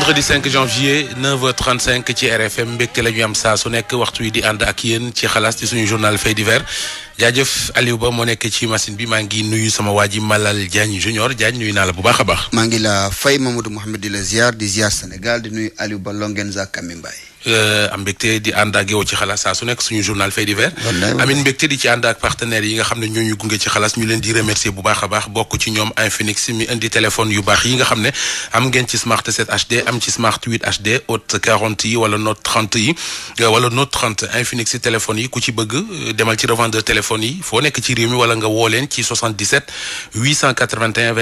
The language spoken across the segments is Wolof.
vendredi 5 janvier 9h35 ci RFM mbégte la ñuy am saa su nekk waxtu wi di ànd ak yéen ci xalaas ci suñu journal fait divers jaajëf Aliou Ba moo nekk ci machine bi maa ngi nuyu sama waa ji Malal Diagne junior Diagne nuyu naa la bu baax a baax. maa ngi la fay Mamadou Mouhamed di la ziar di ziar Sénégal di nuyu Aliou Ba Longenza Kamimbaay. Euh, am mbégte di ànd ak yow ci xalaas saa su nekk suñu journal fait divers amit mbégte di ci ànd ak yi nga xam ne ñoo gunge ci xalaas ñu leen di remercier bu baax a baax bokk ci ñoom Infinix mi indi téléphone yu baax yi nga xam ne am ngeen ci smart 7 HD am ci smart HD Hot 40 yi wala Note 30 yi euh, wala Note 30 Infinix si téléphone yi ku ci bëgg euh, demal ci revendeur téléphone yi foo nekk ci réew mi wala nga woo leen ci 77 881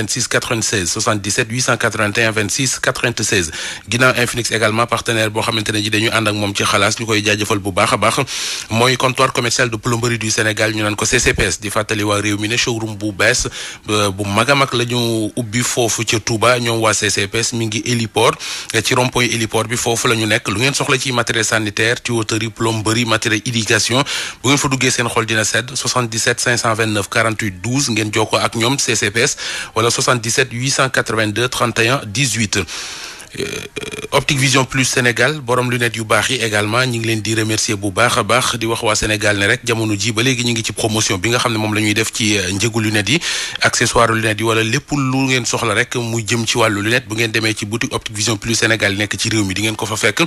26 ñu ànd moom ci xalaas ñu koy jaajëfal bu baax a baax mooy comptoir commercial de plomberie du Sénégal ñu naan ko CCPS di fàttali waa réew mi ne showroom bu bees euh, bu mag a mag la ñu ubbi foofu ca tuba ñoom waa CCPS mi ngi héliport ci rond-point héliport bi foofu la ñu nekk lu ngeen soxla ci matériel sanitaire tuyauterie plomberie matériel irrigation bu ngeen fa duggee seen xool dina sedd 77 529 48 12 ngeen jokkoo ak ñoom CCPS wala 77 882 31 Euh, Optique Vision Plus Sénégal borom lunettes yu baax yi également ñi ngi leen di remercier bu baax a baax di wax waa Sénégal ne rek jamono ji ba léegi ñu ngi ci promotion bi nga xam ne moom lañuy def ci euh, njëgu lunettes yi accessoire lunettes yi wala lépp lu ngeen soxla rek mu jëm ci wàllu lunette bu ngeen demee ci boutique Optique Vision Plus Sénégal nekk ci réew mi di ngeen ko fa fekk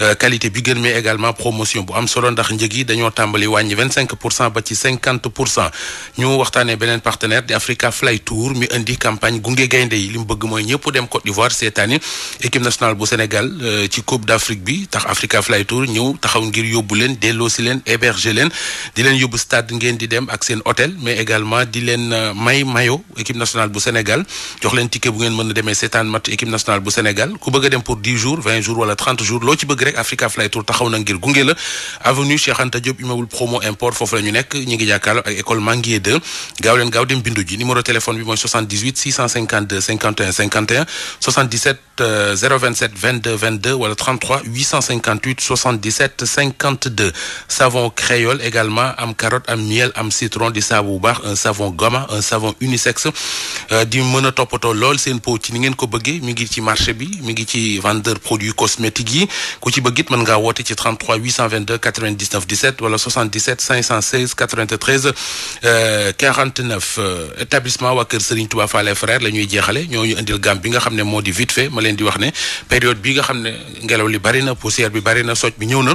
euh, qualité bi gën mais également promotion bu am solo ndax njëg yi dañoo tàmbali wàññi vingt cinq pour cent ba ci cinquante pour cent ñu waxtaanee beneen partenaire di Africa Fly Tour mi indi campagne gunge gaynde yi li mu bëgg mooy ñëpp dem Côte d'Ivoire seetaani équipe nationale bu Sénégal euh, ci Coupe d'Afrique bi tax Africa Fly Tour ñëw taxaw ngir yóbbu leen delloo si leen héberger leen di leen yóbbu stade ngeen di dem ak seen hôtel mais également di leen euh, may mayo équipe nationale bu Sénégal jox leen ticket bu ngeen mën a demee seetaan match équipe nationale bu Sénégal ku bëgg a dem pour jours wala jours loo ci bëgg rek Africa Fly Tour taxaw na ngir gunge la avenue Cheikh Anta Diop promo import ñu nekk ñu ngi jàkkaarloo ak école Manguier 2 gaaw leen gaaw dem bindu ji 027 22 22 wala 33 858 77 52 savon créole également am carotte am miel am citron di saabu bu baax un savon goma un savon unisexe euh, di mën a toppatoo lool seen peau ci ni ko bëggee mi ngi ci marché bi mi ngi ci vendeur produits cosmétiques yi ku ci bëgg it mën ngaa woote ci 33 822 99 17 wala 77 516 93 49 établissement waa Kër Serigne Touba Fallé Frère la ñuy jeexale ñoo ñu indil gam bi nga xam ne moo di vite fait leen di wax ne période bi nga xam ne ngelaw li bari na poussière bi bari na bi ñëw na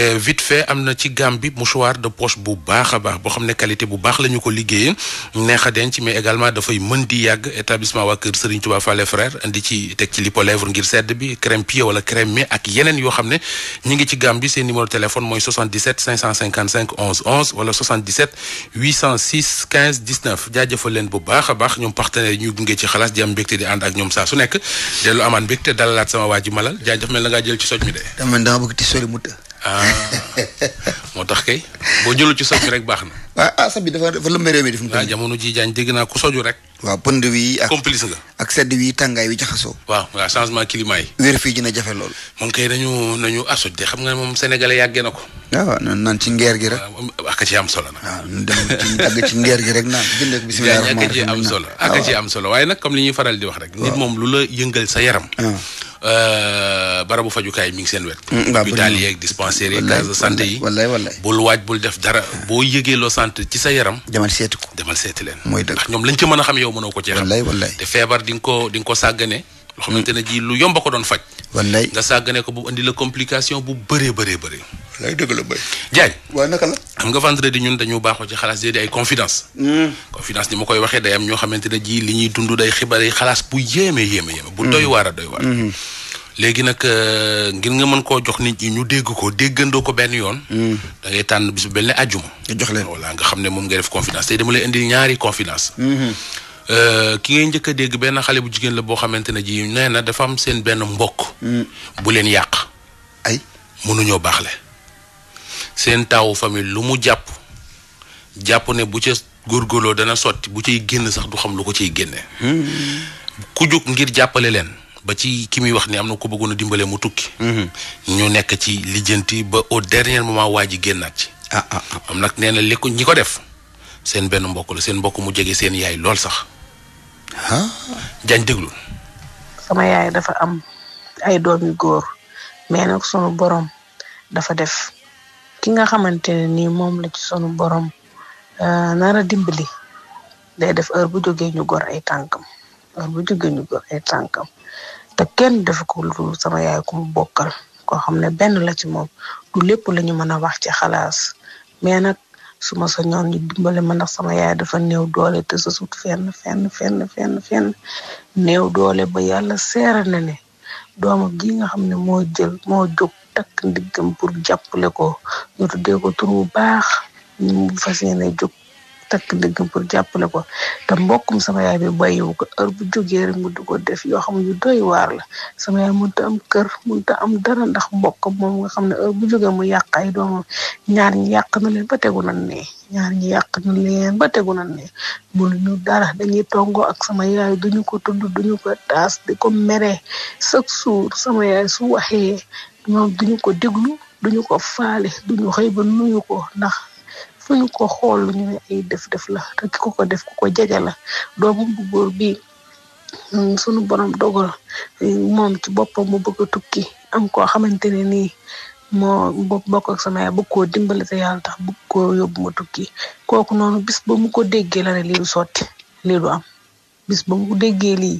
eh, vite fait am na ci gamme bi mouchoir de poche bu baax a baax boo xam ne qualité bu baax la ko liggéeyee neex a denc mais également dafay mën di yàgg établissement waa kër Serigne Touba Fallé frère indi ci teg ci lipo ngir sedd bi crème pied wala crème mais ak yeneen yoo xam ne ñu ngi ci gamme bi seen numéro téléphone mooy 77 555 11 11 wala 77 806 15 19 jaajëfal bu baax a baax ñoom partenaires yi dellu amaan mbégte dalalaat sama waa ji malal jaajëf mel na ngaa jël ci soj mi de. ah moo tax kay boo jëlu ci soj rek baax na. a ah, ah sab bi dafa dafa lëmbee réew ah, jamono ji jaañ dégg naa ku soju rek. waa pënd wi ak complice nga. ak sedd wi tàngaay wi jaxasoo. waa waaw changement climat yi. wér fii dina jafe lool. moom kay dañu nañu ah soj de xam nga moom sénégalais yàggee na ko. Ah, waaw naan ci ngeer gi rek. waaw ak ci am solo nag. waaw ñu ci ngeer gi rek naan jëndee ko bisimilah. rahmaani rahim ak am solo ak ci am solo waaye nag comme li ñuy faral di wax rek. nit moom lu la yëngal sa yaram. Euh, barabu fajukaay mi ngi seen wet. Mm, hôpital yeeg dispensaire yeeg case de santé yi. wallaay wallaay bul waaj bul def dara boo yëgee loo sant ci sa yaram. demal seeti ko demal seeti leen. mooy dëgg ndax ñoom lañ ci mën a xam yow mënoo ko ci xam. wallaay feebar di nga ko di ko sàggane. loo xamante ne ji lu yomb ko doon faj. wallaay nga sàggane ko bu indi la complication bu bëree bëree bëri. wallaay dëgg la béy. Diagne waaw naka la. xam nga vendredi ñun dañu baaxoo ci xalaas di ay confidence. Hmm. confidence ni ma koy waxee day am ñoo xamante ne ji li ñuy dund day xibaar xalaas bu yéeme yéeme yéeme. bu doy waar a doy waar. Hmm. léegi nag euh, ngir nga mën koo jox nit ñi ñu dégg ko déggandoo ko benn yoon. Hmm. da tànn bis bu benn ne nga jox leen walla nga xam ne moom nga def confidence tey dama lay indil ñaari confidence. Hmm. Euh, ki ngay njëkk a dégg benn xale bu jigéen la boo xamante ne ji nee na dafa am seen benn mbokk. Hmm. bu leen yàq. ay mënuñoo baaxle. seen taawu famille lu mu jàpp jàpp ne bu ca góorgóorloo dana sotti bu cay génn sax du xam lu ko ciy génne. ku jóg ngir jàppale leen. ba ci ki muy wax ni am na ko bëggoon a dimbale mu tukki. Mhm. ñu nekk ci lijjanti ba au dernier moment waa ji génnaat ci. Ah, ah ah am nag nee na li ko ñi ko def seen benn mbokk la seen mbokku mu jege seen yaay lool sax. ah. Diagne déglu. sama yaay dafa am ay doom yu góor mais nag sunu borom dafa def ki nga xamante ne nii moom la ci sunu borom euh, nara dimbali day def heure bu jógee ñu gor ay tànkam. ndax bu jigéen ñu jox ay tànkam te kenn defu ko lu sama yaay ku mu bokkal koo xam ne benn la ci moom du lépp la ñu mën a wax ci xalaas mais nag su ma sañoon ñu dimbale ma ndax sama yaay dafa néew doole te sa fenn fenn fenn fenn fenn néew doole ba yàlla seera na ne doomam ji nga xam ne moo jël moo jóg takk ndiggam pour jàppale ko ñu tuddee ko tur bu baax ñu fas yéene jóg takk dëggam pour jàppale ko te mbokkum sama yaay bi bàyyiwu ko heure bu jógee rek mu di ko def yoo xam yu doy waar la sama yaay mënut a am kër mënut a am dara ndax mbokk moom nga xam ne heure bu jógee mu yàq ay doomam ñaar ñi yàq na leen ba tegu na ne ñaar ñi yàq na leen ba tegu na ne mënuñu dara dañuy tongoo ak sama yaay duñu ko tudd duñu ko taas di ko meree chaque jour sama yaay su waxee ñoom duñu ko déglu duñu ko faale duñu xëy ba nuyu ko ndax fu ñu ko xool lu ñu ne ay def-def la te ko ko def ku ko jege la doomu bu góor bi mm, sunu borom dogal moom ci boppam mu bëgg a tukki am koo xamante ne nii moo bokk ak sama yaay koo dimbali te yàlla tax bëgg koo yóbbu ma tukki kooku noonu bis ba mu ko déggee la li du sotti lii du am bis ba mu déggee lii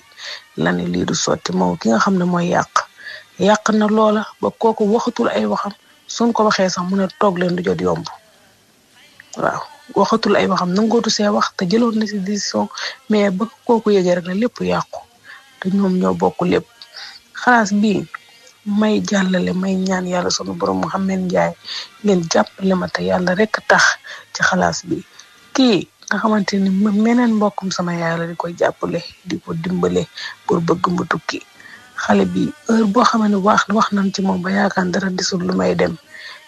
la ne lii du sotti moom ki nga xam ne mooy yàq yàq na loola ba kooku waxatul ay waxam suñ ko waxee sax mu ne toog leen du jot yomb. waaw waxatul ay waxam nangootu see wax te jëloon na si décision mais bëgg kooku yëgee rek la lépp yàqu te ñoom ñoo bokk lépp xalaas bi may jàllale may ñaan yàlla sunu borom Mouhamed Ndiaye ngeen le ma te yàlla rek tax ci xalaas bi kii nga xamante ni meneen mbokkum sama yaay la di koy jàppale di ko dimbale pour bëgg mu tukki xale bi heure boo xam ne wax wax nañ ci moom ba yaakaar dara desul lu may dem.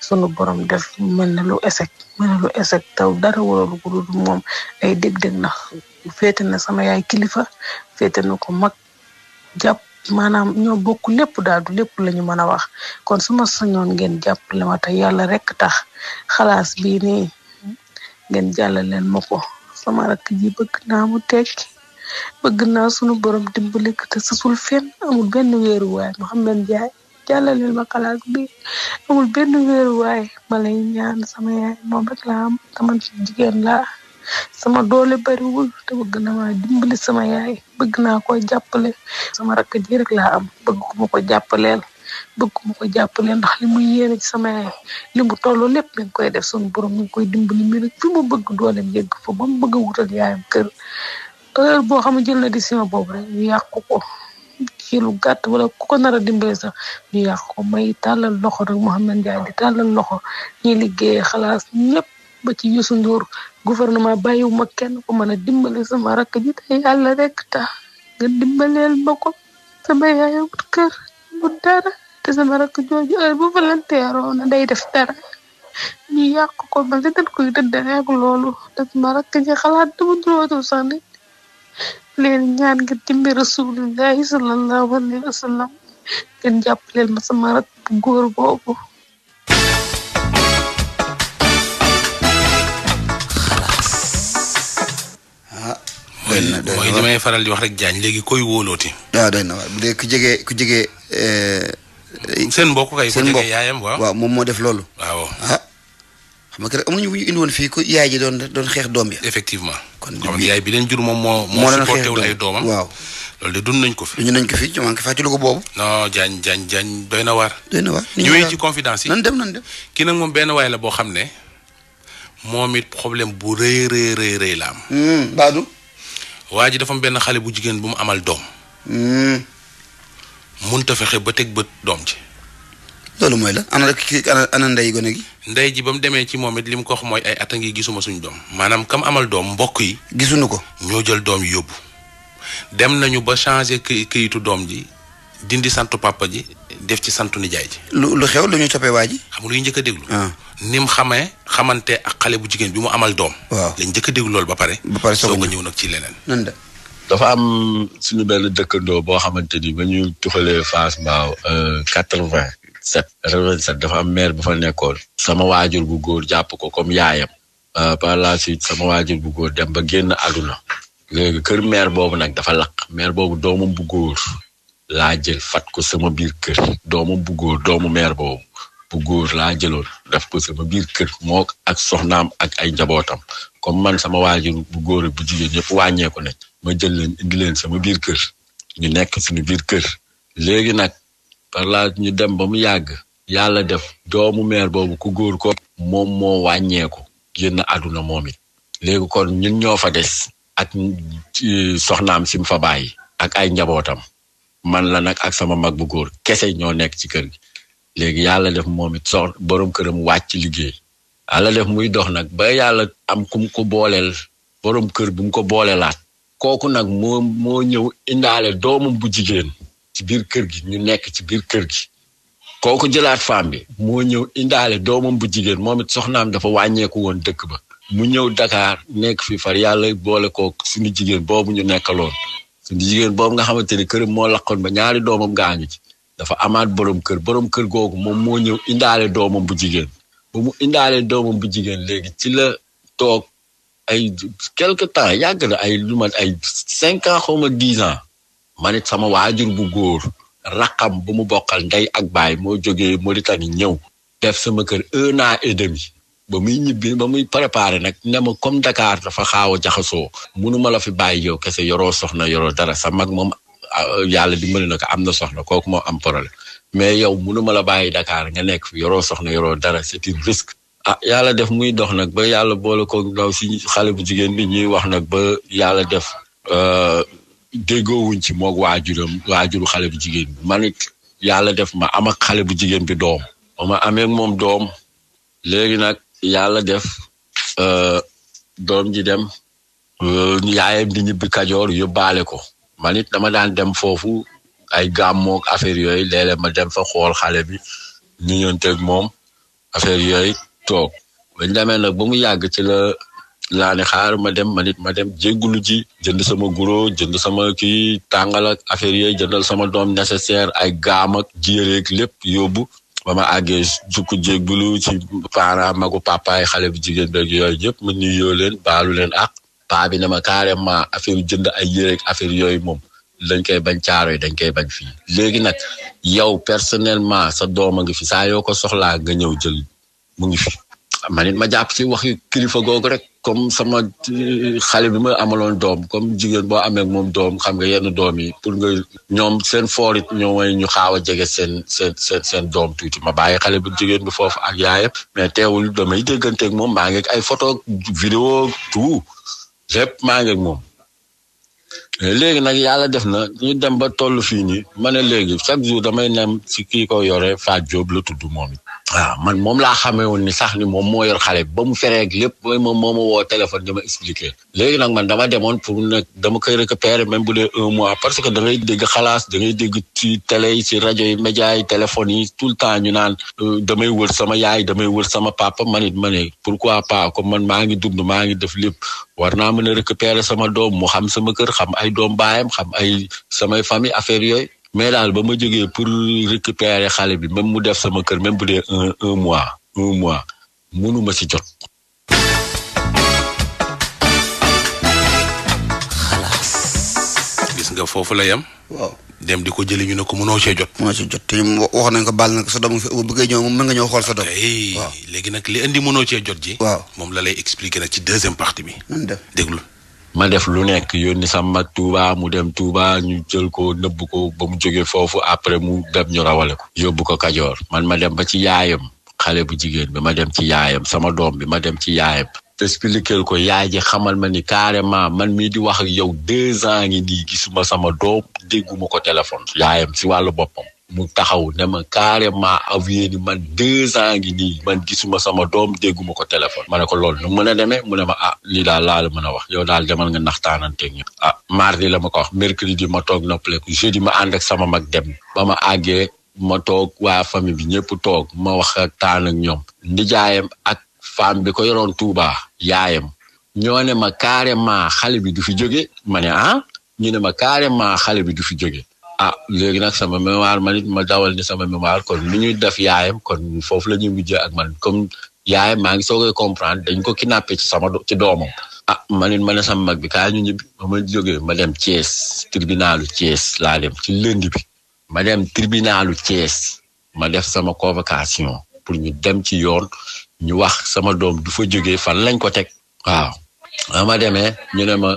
sunu borom def mën na lu esek mën na lu esek taw dara waralu ko dul moom ay dég-dég ndax féete na sama yaay kilifa féete na ko mag jàpp maanaam ñoo bokk lépp daal lépp lañu ñu mën a wax kon su ma sañoon ngeen jàppale lema te yàlla rek tax xalaas bii nii ngeen jàllale leen ma ko sama rakk ji bëgg na mu tekki bëgg naa sunu borom dimbali te sasul fenn amul benn weeruwaay Mouhamed Ndiaye jàllaleel ma xalaat bi amul benn wéeruwaay ma lay ñaan sama yaay moom rek laa am taman ci jigéen laa sama doole bariwul te bëgg na ma dimbali sama yaay bëgg naa ko jàppale sama rakk ji laa am bëgg ko ma ko jàppaleel bëgg ko ma ko jàppale ndax li mu yéene ci sama yaay li mu toll lépp mi ngi koy def suñu borom mi ngi koy dimbali mi rek fi mu bëgg dooleem yëgg fa ba mu bëgg a wutal yaayam kër heure boo xam ne jël na décision boobu rek ñu yàqu ko ci lu gàtt wala ku ko nar a dimbale sax ñu yàq ko may tàllal loxo rek Mouhamed Ndiaye di tàllal loxo ñi liggéey xalaas ñëpp ba ci Youssou Ndour gouvernement bàyyiwuma kenn ku mën a dimbale sama rakk ji te yàlla rek tax nga dimbaleel ma ko sama yaay wut kër bu dara te sama rakk jooju heure day def dara ñu yàq ko ba loolu te sama rakk ji xalaat dama durootul sax ni leen ñaan nga dimbali rasulillahi sallallahu alayhi wa sallam ngeen jàppaleel ma sama rak bu góor boobu mooy li may faral di wax rek jaañ léegi koy wóolooti. waaw doy na waaw bu dee ku jege ku jege. seen mbokk kay. seen mbokk yaayam moom moo def loolu. waaw xam nga am na ñu ñu indi woon fii ko yaay ji doon doon xeex doom ya. effectivement kon yaay bi leen jur moom moo. moo doon xeex doom ay doomam waaw. loolu de dund nañ ko fi. dund nañ ko fi maa ngi fàttali ko boobu. non Diagne Diagne Diagne doy na waar. doy na waar ñu dem nan dem. kii nag moom benn waay la boo xam ne moom it problème bu rëy rëy rëy rëy la am. Hmm, Badou. waa ji dafa benn xale bu jigéen bu mu amal doom. mënut hmm. a fexe ba teg bët doom ji. loolu mooy la ana ki ana ndey gone gi. ndey ji ba mu demee ci moom it li mu ko wax mooy ay at ngi gisuma suñu doom maanaam kam amal doom mbokk yi. gisuñu ko. ñoo jël doom yóbbu dem nañu ba changé këyitu doom ji dindi santu papa ji def ci santu nijaay ji. lu lu xew lu ñu toppee waa ji. xam lu ñu njëkk a déglu. Ah. ni mu xamee xamante ak xale bu jigéen bi mu amal doom. lañ njëkk a déglu loolu ba pare. ba pare soog a ñëw nag ci leneen. nan dafa am suñu benn dëkkandoo boo xamante ni ba ñu tuxalee Fass Mbao euh, quatre set set dafa am maire bu fa nekkoon sama waajur bu góor jàpp ko comme yaayam euh, par la suite sama waajur bu góor dem ba génn àdduna léegi kër maire boobu nag dafa lakk maire boobu doomam bu góor laa jël fat ko sama biir kër doomam bu góor doomu maire boobu bu góor laa jëloon def ko sama biir kër moo ak soxnaam ak ay njabootam comme man sama waajur bu góor bu jigéen ñëpp wàññeeku ne ma jël leen sama biir kër ñu nekk suñu biir kër léegi nag par la ñu dem ba mu yàgg yàlla def doomu meer boobu ku góor ko moom moo wàññeeku génn àdduna moom it léegi kon ñun ñoo fa des ak soxnaam si mu fa bàyyi ak ay njabootam man la nag ak sama mag bu góor kese ñoo nekk ci kër gi léegi yàlla def moom it sox borom këram wàcc liggéey yàlla def muy dox nag ba yàlla am ku mu ko booleel borom kër bu mu ko boolelaat kooku nag moo moo ñëw indaale doomam bu jigéen ci biir kër gi ñu nekk ci biir kër gi kooku jëlaat femme bi moo ñëw indaale doomam bu jigéen moom it soxnaam dafa wàññeeku woon dëkk ba mu ñëw Dakar nekk fi far yàlla boole kook suñu jigéen boobu ñu nekkaloon suñu jigéen boobu nga xamante ni kër moo laqoon ba ñaari doomam gaañu ci dafa amaat borom kër borom kër googu moom moo ñëw indaale doomam bu jigéen ba mu indaale doomam bu jigéen léegi ci la toog ay quelque temps yàgg ay lu mat ay cinq ans xaw ma man it sama waajur bu góor raqam bu mu bokkal ndey ak baay moo jógee Mauritanie ñëw def sama kër un an et demi ba muy ba muy préparé nag ne ma comme Dakar dafa xaaw a jaxasoo munuma la fi bàyyi yow kese yoro soxna yoro dara sa mag moom euh, yàlla dimbali na ko am na soxna kooku moo am problème mais yow munuma la bàyyi Dakar nga nekk fi yoroo soxna yoro dara c'est un risque. ah yàlla def muy dox nag ba yàlla boole ko ndaw si xale bu jigéen bi ñuy wax nag ba yala def. Euh, déggoowuñ ci moog waajuram waajuru xale bu jigéen bi yàlla def ma amak ak xale bu jigéen bi doom ba ma amee moom doom léegi nag yàlla def euh, doom ji dem euh, yaayam di ñibbi kajoor yóbbaale ko man it dama daan dem foofu ay gàmmoog affaire yooyu léeg-léeg ma dem fa xool xale bi ñu ñënteeg moom affaire yooyu toog bañ demee nag laa ne xaar ma dem ma ma dem jéggulu ji jënd sama guro jënd sama ki tàngal affaire yooyu jëndal sama doom nécessaire ay gaam ak jiréeg lépp yóbbu ba ma àggee sukku jéggulu ci parent magu papaay xale bu jigéen beeg yooyu yëpp ma nuyoo leen baalu leen ak paa bi ne ma carrément affaire jënd ay yéreeg affaire yooyu moom dañ koy bañ caaro yi dañ koy bañ fii léegi nag yow personnellement sa doom a ngi fi saa yoo ko soxlaa nga ñëw jël mu ngi fi man it ma jàpp ci waxi kilifa googu rek comme sama euh, xale bi ma amaloon doom comme jigéen boo amee moom doom xam nga yenn doom yi pour nga ñoom seen foor it ñoo mooy ñu xaaw a jege seen seen seen seen doom tuuti ma bàyyi xale bu jigéen bi foofu ak yaayam mais teewul damay dégganteeg moom maa ngi ay photo vidéo tout lépp maa ngi moom. léegi nag yàlla def na ñu dem ba toll fii nii ma ne léegi chaque jour damay nem si kii ko yore fa Diop la tudd moom waaw man moom laa xamee woon ni sax ni moom moo yor xale ba mu feree ak lépp mooy moom moo ma woo téléphone dama expliqué léegi nag man dama demoon pour ne dama koy récupérer même bu dee un mois parce que da ngay dégg xalaas da ngay dégg ci yi ci rajo yi média yi téléphone yi tout le temps ñu naan euh, damay wër sama yaay damay wër sama papa man it ma ne pourquoi pas comme man maa ngi dund maa ngi def lépp war naa mën a récupérer sama doom mu xam sama kër xam ay doom baayam xam ay samay famille affaire yooyu mais daal ba ma jógee pour récupérer xale bi même mu def sama kër même bu dee un mois un mois mënuma ci jot. xalaas. nga foofu la yem. dem di ko jëli ñu ne ko mënoo cee jot. mënoo jot te wax ko baal na sa doom bu bëggee ñëw moom mën nga ñëw xool sa doom. waaw léegi nag li indi mënoo cee jot ji. waaw moom la lay expliquer nag ci deuxième partie bi. déglu. ma def lu nekk yónni sama mag Touba mu dem Touba ñu jël ko nëbb ko ba mu jógee foofu après mu dem ñu rawale ko yóbbu ko Kajoor man ma dem ba ci yaayam xale bu jigéen bi dem ci yaayam sama doom bi ma dem ci yaayam expliquer ko yaay ji xamal ma ni carrément man mii di wax ak yow deux ans ngi nii gisuma sama doom dégguma ko téléphone yaayam si wàllu boppam mu taxaw ne ma carrément avoué ni man deux ans ngi nii man gisuma sama doom dégguma ko téléphone ma ne ko loolu nu mën a demee mu ne ma ah lii daal laal la mën a wax yow daal demal nga naxtaananteeg a ah mardi la ma ko wax mercredi ma toog noppaleku jeudi ma ànd sama mag dem ba ma àggee ma toog waa famille bi ñëpp toog ma wax ak taan ak ñoom ndijaayam ak fam bi ko yoroon Touba yaayam ñoo ne ma carrément xale bi du fi jóge ma ne ah ñu ne ma carrément xale bi du fi jóge ah léegi nag sama mémoire man it ma dawal sama mémoire kon lu ñuy def yaayam kon foofu la ñuy mujjee ak man comme yaayam maa ngi soogay comprendre dañ ko kidnappé ci sama ci doomam. ah man it ma ne sama mag bi kaa ñu ñibbi ma ma jógee ma dem Thiès tribunalu Thiès laa dem ci lënd bi ma dem tribunalu Thiès ma def sama convocation pour ñu dem ci yoon ñu wax sama doom du fa jógee fan lañ ko teg waaw ma demee ñu ne ma.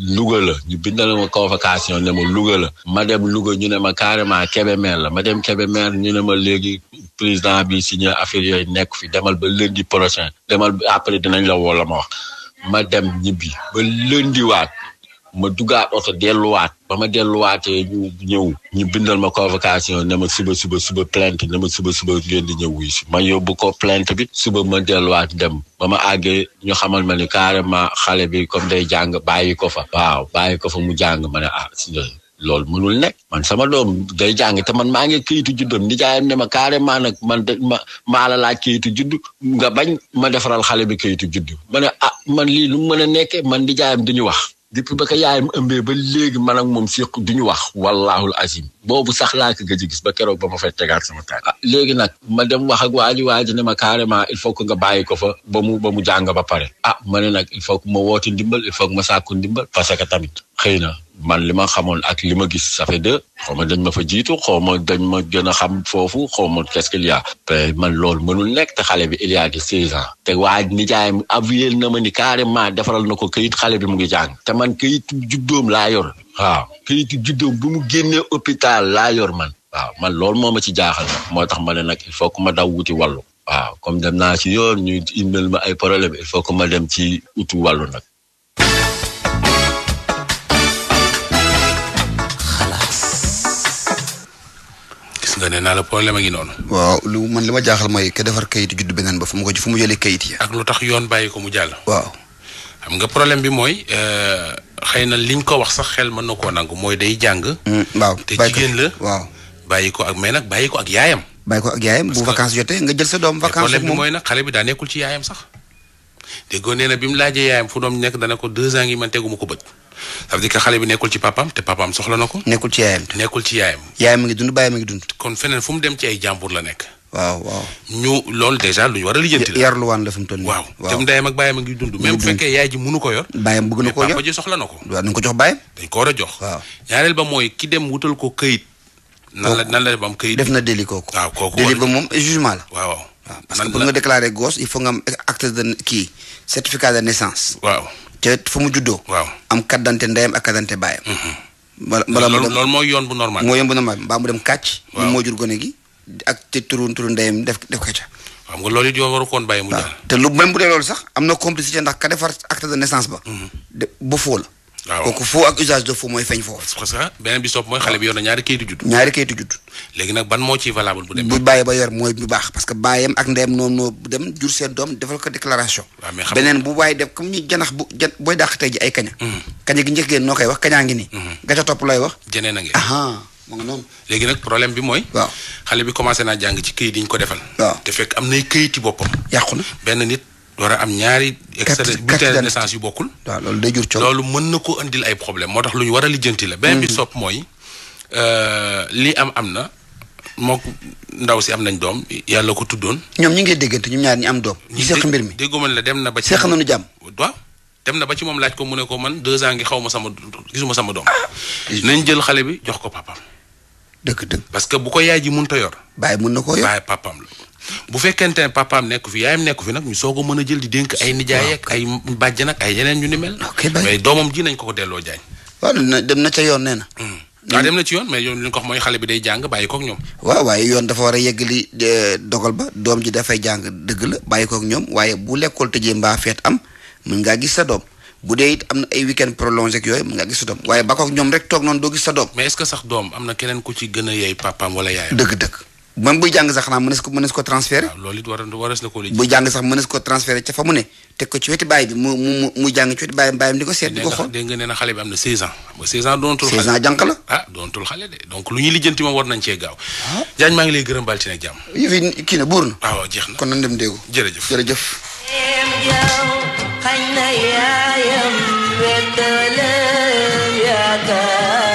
Louga la ñu bindal ma convocation ne Louga la ma dem Louga ñu ne ma carrément Kébémer la ma dem Kébémer ñu ne ma léegi président bi signé affaire yooyu nekk fi demal ba lundi prochain demal après dinañ la woo la ma wax ma dem ñibbi ba ma dugaat oto delluwaat ba ma delluwaatee ñu ñëw ñu bindal ma convocation ne ma suba suba suba plainte ne ma suba suba ngeen di ñëw wuy si ma yóbbu ko plainte bi suba ma delluwaat dem ba ma àggee ñu xamal ma ni carrément xale bi comme day jàng bàyyi ko fa waaw bàyyi ko fa mu jàng ma ne ah loolu mënul nekk man sama doom day jàng te man maa ngi kayitu juddam nijaayam ne ma carrément nag man de ma maa la laaj kayitu nga bañ ma defaral xale bi kayitu juddu ma ne ah man lii lu mu mën a nekkee man nijaayam duñu wax depuis ba ko yaayam ëmbee ba léegi man ak moom séq duñu wax wallahul azim boobu sax laa ko gëj gis ba keroog ba ma fay tegaat sama taal. Ah, léegi nag ma dem wax ak waaji waaji ne ma carrément il faut nga bàyyi ko fa ba mu ba mu jàng ba pare. ah ma ne nag il faut que ma woote ndimbal il faut ma sàkku ndimbal parce que tamit xëy na. man li ma xamoon ak li ma gis ça fait deux dañ ma fa jiitu xaw ma dañ ma gën a xam foofu xaw ma quest man loolu mënul nekk te xale bi il y a de seize ans te waa nijaayam avoué na ma ni carrément defaral na ko kayit xale bi mu ngi jàng te man kayit juddoom laa yor waaw këyitu juddo bu mu génnee hôpital laa yor man waaw man lool moo ma ci jaaxal na moo tax ma ne nag il faut ma daw wuti wàllu waaw comme dem naa ci yoon ñu indil ma ay problème il faut que ma dem ci utu wàllu nag nga ne naa la problème a noonu. waaw lu man li ma jaaxal mooy ke defar kayit judd beneen ba fu mu ko fu mu jëlee kayit yi. ak lu tax yoon bàyyi ko mu jàll. waaw. xam nga problème bi mooy euh, xëy na liñ ko wax sax xel mën na koo nangu mooy day jàng. Mm, waaw te jigéen la waaw. bàyyi ko ak mais nag bàyyi ko ak yaayam. bàyyi ko ak yaayam bu vacances jotee nga jël sa doom vacances ak moom bi mooy nag xale bi daa nekkul ci yaayam sax. déggoo nee na bi mu laajee fu doom nekk dana ko deux ngi man teguma ko bët. ça veut xale bi nekkul ci papaam te papaam soxla na ko. nekkul ci yaayam nekkul ci yaayam. yaayam mi ngi dund bàyyi mi ngi dund. kon feneen fu mu dem ci ay jàmbur la nekk. waaw waaw ñu loolu dèjà lu ñu war a lijjanti la yarluwaan la fi mu toll nii waaw dem ndeyam ak bàyyam a ngi dund même bu fekkee yaay ji mënu ko yor bàyyam bëgg na ko yor papa ji soxla na ko waaw nañ ko jox bàyyam dañ ko war a jox waaw ñaareel ba mooy ki dem wutal ko këyit nan la nan la def am këyit def na déli kooku waaw kooku déli ba moom jugement la waaw waaw parce que pour nga déclarer gosse il faut nga am acte de kii certificat de naissance waaw te fu mu juddoo waaw am carte d'identité ndeyam ak carte d'identité bàyyam wala mhm. loolu mooy yoon bu normal mooy yoon bu normal mbaa mu dem kàcc moom moo jur gone gi ak ci turu turu ndeyam def def ko ca. xam nga loolu waru koon bàyyi mu lu même bu dee sax am na complicité ndax ka defar acte de naissance ba. Mhm. de ba faux ak usage de faux mooy feeñ foofu. parce que beneen ak ndeyam noonu noo dem jur seen doom defal déclaration. beneen bu bàyyi def comme ñu janax bu jan booy dàq ay kaña. Mhm. kaña gi njëkk noo koy wax kañaa ngi nii. nga mhm. topp looy wax. jeneen a mu léegi nag problème bi mooy. waaw xale bi commencé naa jàng ci këyit yi ñu ko defal. te fekk am nay këyiti boppam. yàqu na benn nit. war a am ñaari. extrait bulletin de yu bokkul. loolu day jur coow loolu mën na ko indil ay moo tax lu ñu war a lijjanti la. benn bi hmm. sopp mooy euh, li am am na mook ndaw si am nañ doom yàlla ko tuddoon. ñoom ñu ngi déggante ñoom ñaar ñi am doom. ñu seq mbir mi déggu ma la dem na ba ci. seq nañu jàmm waaw. dem na ba ci moom laaj ko mu ne ko man deux ans ngi xaw ma sama gisuma sama doom. Ah. nañ jël xale bi jox ko papaam. dëgg dëgg parce que bu ko yaay ji mënut a yor. bàyyi mun na koo yor bàyyi papaam la. bu fekkente ne papaam nekk fi yaayam nekk fi nag ñu soog a mën a jël di dénk ay nijaay ak ay bàjjan ak ay yeneen ñu ni mel. mais doomam ji nañ ko ko delloo jaañ. waaw dem na ca yoon nee na. Hmm. waaw dem na ci yoon mais yoon li ñu mooy xale bi day jàng bàyyi kook ñoom. waaw waaye yoon dafa war a yeggali dogal ba doom ji dafay jàng dëgg la bàyyi kook ñoom waaye bu lekkool tëjee mbaa feet am mun ngaa gis sa doom bu dee it am na ay weekend prolongé ak yooyu mu nga gis doom waaye bakook ñoom rek toog noonu doo gis sa doom. mais est-ce que sax doom am na keneen ku ci gën a yeey papaam wala yaayam. dëgg-dëgg même buy jàng sax naa mënees ko mënees ko transféré. waaw loolu it war waras na ko li. buy jàng sax mënees ko transféré ca fa mu ne teg ko ci wetu baay bi mu mu mu jàng ci wetu baay baayam di ko seet. di ko xool dégg nga nee na xale bi am na 16 ans. ba 16 ans doontul xale 16 ans jànq la. ah doontul xale de donc lu ñuy lijjanti moom war nañ cee gaaw. Diagne ah. maa ngi lay gërëm baal ci nag jàmm. yëf yi kii na buur na. Ah, waaw jeex na kon nañ dem déggu. jërëjëf jërëjëf. حن ايام بالظلم يا كان